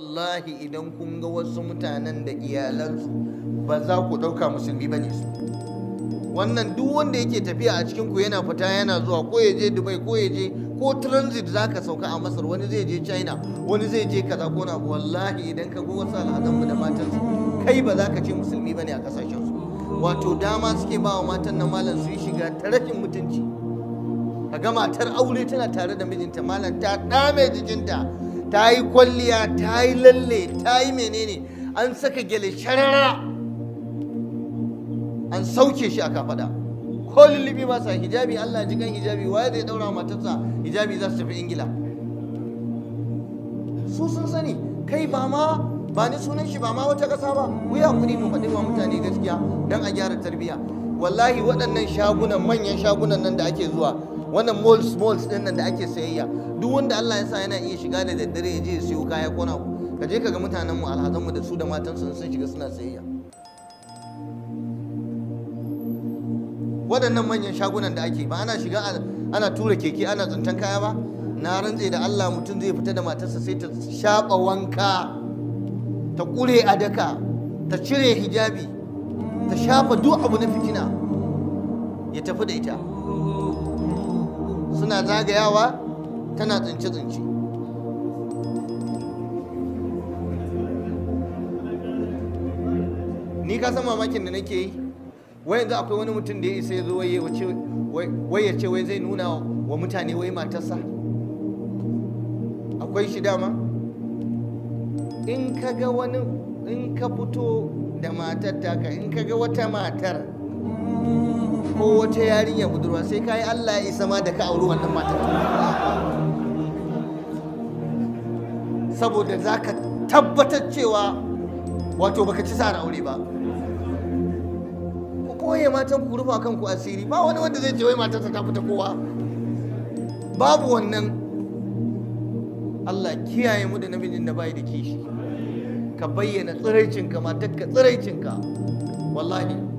wallahi idan kun ga wasu mutanen da iyalansu ba za ku ɗauka musulmi ba ne su wannan duk wanda yake tafiya a cikinku yana fita yana zuwa ko ya je dubai ko ya je ko transit za ka sauka a masar wani zai je china wani zai je kaza ko na wallahi idan ka ga wasu al'adunmu da matansu kai ba za ka ce musulmi ba ne a su. wato dama suke ba wa matan na malam su yi shiga ta mutunci ka ga matar aure tana tare da mijinta malam ta dame jikinta ta yi kwalliya ta yi lalle ta yi menene an saka gele sharara an sauke shi a kafada ko lullubi ba sa hijabi Allah ji kan hijabi waye zai daura matarsa hijabi za su tafi ingila su sun sani kai ba ma ba ni sunan shi ba ma wata ƙasa ba wuya kuɗi, mu faɗi wa mutane gaskiya don a gyara tarbiyya wallahi waɗannan shagunan manyan shagunan nan da ake zuwa wannan malls malls din nan da ake sayayya duk wanda Allah ya sa yana iya shiga da daddare ya je ya siyo kaya kona ku ka je ka ga mutanen mu alhazan mu da su da matan su sun shiga suna sayayya waɗannan manyan shagunan da ake ba ana shiga ana tura keke ana tsintan kaya ba na rantse da Allah mutum zai fita da matarsa sai ta shaɓa wanka ta kure a daka ta cire hijabi ta shafa duk abu na fitina ya tafi da ita suna zagayawa tana tsince-tsince ni ka san mamakin da nake yi wai yanzu akwai wani mutum da ya isa ya zo wai ya ce wai zai nuna wa mutane wai matarsa akwai shi dama in ka ga wani in ka fito da matar taka in ka ga wata matar ko wata yarinya budurwa sai kayi Allah ya isa ma da ka auri wannan mata saboda za ka tabbatar cewa wato baka ci sa'ar aure ba ku koye matan ku rufa kanku asiri ba wani wanda zai ce wai matarsa ta fita kowa babu wannan Allah kiyaye mu da namijin da bai da kishi ka bayyana tsiraicinka matakka tsiraicinka wallahi